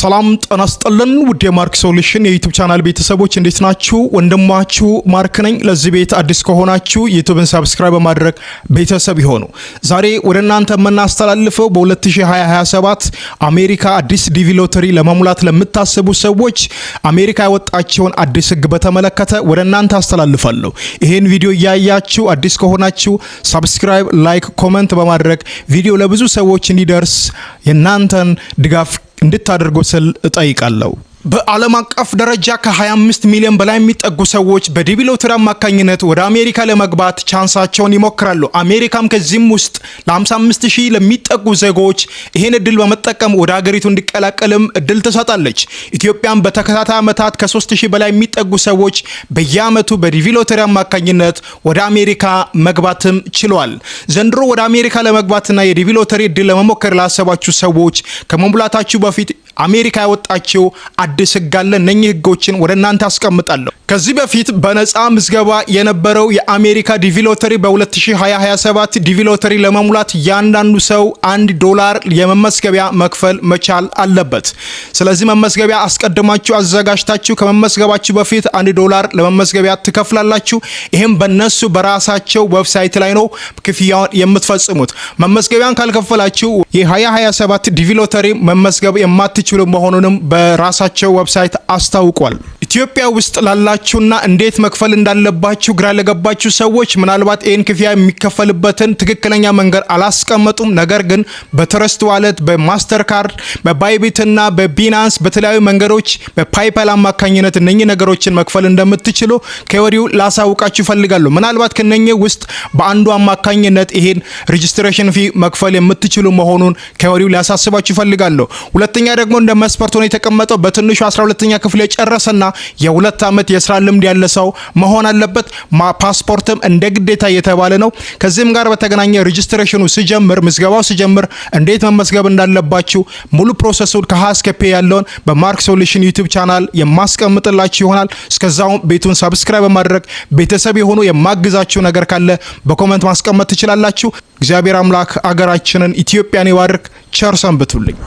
ሰላም ጤና ይስጥልን ውድ የማርክ ሶሉሽን የዩቱብ ቻናል ቤተሰቦች እንዴት ናችሁ? ወንድማችሁ ማርክ ነኝ። ለዚህ ቤት አዲስ ከሆናችሁ ዩቱብን ሰብስክራይብ በማድረግ ቤተሰብ ይሆኑ። ዛሬ ወደ እናንተ የምናስተላልፈው በ2027 አሜሪካ አዲስ ዲቪ ሎተሪ ለመሙላት ለምታስቡ ሰዎች አሜሪካ ያወጣቸውን አዲስ ሕግ በተመለከተ ወደ እናንተ አስተላልፋለሁ። ይህን ቪዲዮ እያያችሁ አዲስ ከሆናችሁ ሰብስክራይብ፣ ላይክ፣ ኮመንት በማድረግ ቪዲዮ ለብዙ ሰዎች እንዲደርስ የእናንተን ድጋፍ እንድታደርጎ ስል እጠይቃለሁ። በዓለም አቀፍ ደረጃ ከ25 ሚሊዮን በላይ የሚጠጉ ሰዎች በዲቪ ሎተሪ አማካኝነት ወደ አሜሪካ ለመግባት ቻንሳቸውን ይሞክራሉ። አሜሪካም ከዚህም ውስጥ ለ55 ሺህ ለሚጠጉ ዜጎች ይህን እድል በመጠቀም ወደ ሀገሪቱ እንዲቀላቀልም እድል ትሰጣለች። ኢትዮጵያም በተከታታይ ዓመታት ከ3 ሺህ በላይ የሚጠጉ ሰዎች በየአመቱ በዲቪ ሎተሪ አማካኝነት ወደ አሜሪካ መግባትም ችሏል። ዘንድሮ ወደ አሜሪካ ለመግባትና የዲቪ ሎተሪ እድል ለመሞከር ላሰባችሁ ሰዎች ከመሙላታችሁ በፊት አሜሪካ ያወጣችው አዲስ ህግ አለ። እነኚህ ህጎችን ወደ እናንተ አስቀምጣለሁ። ከዚህ በፊት በነጻ ምዝገባ የነበረው የአሜሪካ ዲቪሎተሪ በ2027 ዲቪሎተሪ ለመሙላት እያንዳንዱ ሰው አንድ ዶላር የመመዝገቢያ መክፈል መቻል አለበት። ስለዚህ መመዝገቢያ አስቀድማችሁ አዘጋጅታችሁ ከመመዝገባችሁ በፊት አንድ ዶላር ለመመዝገቢያ ትከፍላላችሁ። ይህም በነሱ በራሳቸው ዌብሳይት ላይ ነው ክፍያውን የምትፈጽሙት። መመዝገቢያን ካልከፈላችሁ የ2027 ዲቪሎተሪ መመዝገብ የማትችሉ መሆኑንም በራሳቸው መሆናቸው ዌብሳይት አስታውቋል። ኢትዮጵያ ውስጥ ላላችሁና እንዴት መክፈል እንዳለባችሁ ግራ ለገባችሁ ሰዎች ምናልባት ይህን ክፍያ የሚከፈልበትን ትክክለኛ መንገድ አላስቀመጡም። ነገር ግን በትረስት ዋለት፣ በማስተር ካርድ፣ እና በቢናንስ በተለያዩ መንገዶች በፓይፓል አማካኝነት እነኚህ ነገሮችን መክፈል እንደምትችሉ ከወዲሁ ላሳውቃችሁ ይፈልጋሉ። ምናልባት ከነኚህ ውስጥ በአንዱ አማካኝነት ይሄን ሬጅስትሬሽን ፊ መክፈል የምትችሉ መሆኑን ከወዲሁ ሊያሳስባችሁ ይፈልጋለሁ። ሁለተኛ ደግሞ እንደ መስፈርት ሆኖ የተቀመጠው በትንሹ 12ኛ ክፍል የጨረሰና የሁለት ዓመት የስራ ልምድ ያለ ሰው መሆን አለበት። ፓስፖርትም እንደ ግዴታ እየተባለ ነው። ከዚህም ጋር በተገናኘ ሬጅስትሬሽኑ ሲጀምር፣ ምዝገባው ሲጀምር እንዴት መመዝገብ እንዳለባችሁ ሙሉ ፕሮሰሱን ከሀ እስከ ፔ ያለውን በማርክ ሶሉሽን ዩቲዩብ ቻናል የማስቀምጥላችሁ ይሆናል። እስከዛውም ቤቱን ሰብስክራይብ በማድረግ ቤተሰብ የሆኑ የማግዛችሁ ነገር ካለ በኮመንት ማስቀመጥ ትችላላችሁ። እግዚአብሔር አምላክ አገራችንን ኢትዮጵያን ይባርክ። ቸር ሰንብቱልኝ።